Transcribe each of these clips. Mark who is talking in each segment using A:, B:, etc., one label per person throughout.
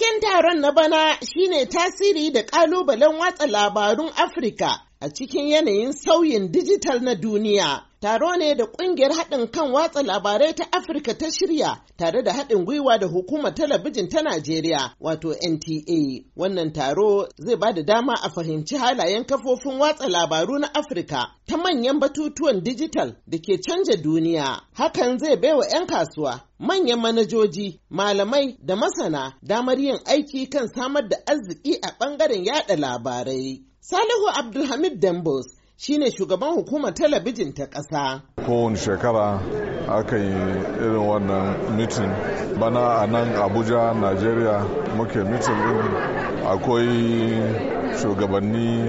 A: Taken taron na bana shine tasiri da ƙalubalen watsa labarun Afirka a cikin yanayin sauyin dijital na duniya. Taro ne da ƙungiyar haɗin kan watsa labarai ta Afirka ta shirya tare da haɗin gwiwa da hukumar talabijin ta Najeriya wato NTA. Wannan taro zai ba da dama a fahimci halayen kafofin watsa labaru na Afirka ta manyan batutuwan dijital da ke canja duniya. Hakan zai baiwa 'yan kasuwa manyan manajoji, malamai da masana damar yin aiki kan samar da arziki a ɓangaren yada labarai. Salihu Abdulhamid Dambos shine shugaban hukumar talabijin ta ƙasa.
B: Kowane shekara aka yi irin wannan mitin bana a nan Abuja, Najeriya muke mitin din akwai shugabanni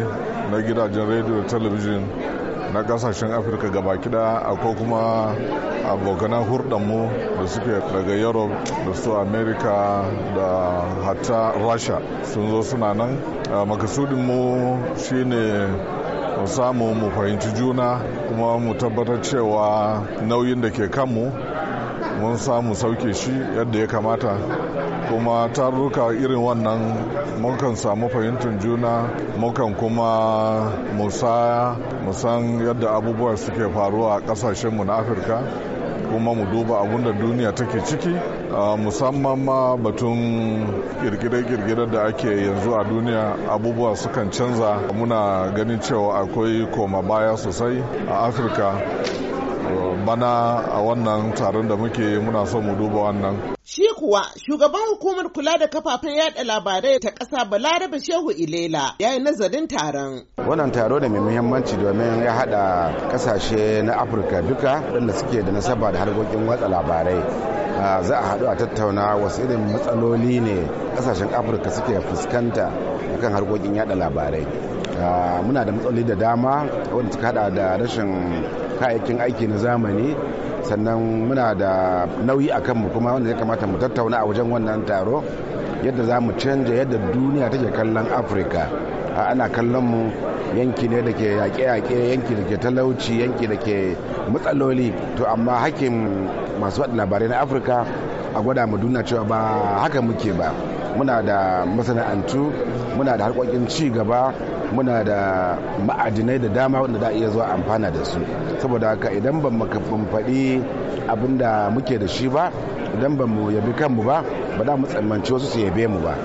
B: na gidajen rediyo talabijin na kasashen afirka gaba kida akwai kuma abokanan hurdanmu da suke daga europe da su america da hatta rasha sun zo suna nan makasudinmu shine mu samu mu fahimci juna kuma mu tabbatar cewa nauyin da ke kanmu mun samu sauke shi yadda ya kamata kuma tarurruka irin wannan mukan samu fahimtar juna mukan kuma musaya musan yadda abubuwa suke faruwa a kasashenmu na afirka kuma mu duba abun da duniya take ciki musamman ma batun kirkire-kirkire da ake yanzu a duniya abubuwa sukan canza muna ganin cewa akwai koma baya sosai a afirka bana a wannan taron da muke muna son mu duba wannan.
A: Shi kuwa shugaban hukumar kula da kafafen yada labarai ta ƙasa Balarabe Shehu Ilela ya yi nazarin taron.
B: Wannan
C: taro ne mai muhimmanci domin ya haɗa kasashe na Afirka duka waɗanda suke da nasaba da harkokin watsa labarai. za a haɗu a tattauna wasu irin matsaloli ne kasashen afirka suke fuskanta kan harkokin yada labarai muna da matsaloli da dama wanda suka hada da rashin kayayyakin aiki na zamani sannan muna da nauyi a kanmu kuma wanda ya kamata mu tattauna a wajen wannan taro yadda za mu canja yadda duniya take kallon afirka ana kallon mu yanki ne da ke yaƙe-yaƙe yanki da ke talauci yanki da ke matsaloli to amma hakin masu waɗa labarai na afirka a gwada mu duniya cewa ba haka muke ba muna da masana'antu muna da harkokin ci gaba muna da ma'adinai da dama wanda za iya zuwa amfana da su saboda haka idan ban faɗi abin da muke da shi ba idan ban mu yabi kanmu ba ba za mu tsammanci wasu su yabe mu ba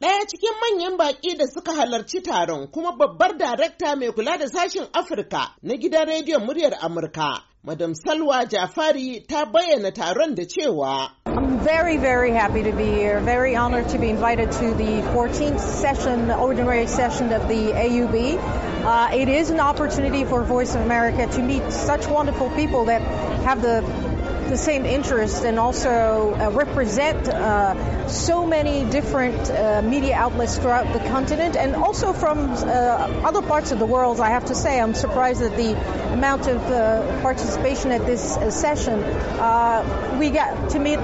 A: Ɗaya cikin manyan baƙi da suka halarci taron kuma babbar darakta mai kula da sashen Afirka na gidan rediyon muryar Amurka, Madam Salwa Jafari
D: ta bayyana taron da cewa I'm very, very happy to be here. Very honored to be invited to the 14th session, ordinary session of the AUB. Uh, it is an opportunity for Voice of America to meet such wonderful people that have the the same interest and also uh, represent uh, so many different uh, media outlets throughout the continent and also from uh, other parts of the world. I have to say, I'm surprised at the amount of uh, participation at this uh, session. we got to meet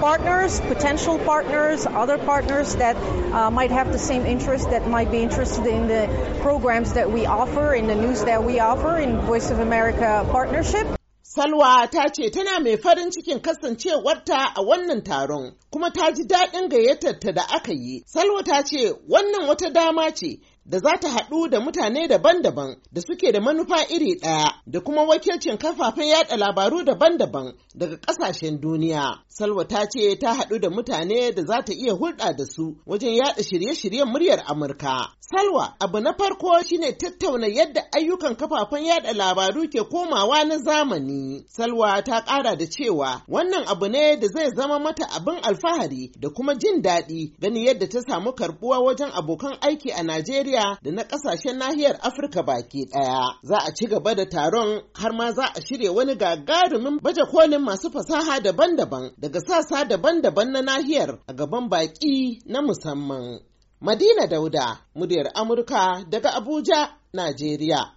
D: partners, potential partners, other partners that uh, might have the same interest, that might be interested in the programs that we offer, in the news that we offer, in Voice of America partnership. Salwa ta
A: ce tana mai farin cikin kasancewarta a wannan taron kuma ta ji daɗin gayyatar ta da aka yi. Salwa ta ce wannan wata dama ce da za ta haɗu da mutane daban-daban da suke da manufa iri ɗaya da kuma wakilcin kafafen yaɗa labaru daban-daban daga ƙasashen duniya. Salwa ta ce ta haɗu da mutane da za ta iya hulɗa da su wajen yaɗa shirye-shiryen muryar Amurka. Salwa abu na farko shine tattauna yadda ayyukan kafafen yaɗa labaru ke komawa na zamani. Salwa ta ƙara da cewa wannan abu ne da zai zama mata abin alfahari da kuma jin daɗi gani yadda ta samu karɓuwa wajen abokan aiki a Najeriya Najeriya da na ƙasashen nahiyar Afirka baki ɗaya. Za a ci gaba da taron har ma za a shirya wani gagarumin baje kolin masu fasaha daban-daban daga sassa daban-daban na nahiyar a gaban baki na musamman. Madina Dauda, muryar Amurka daga Abuja, Najeriya.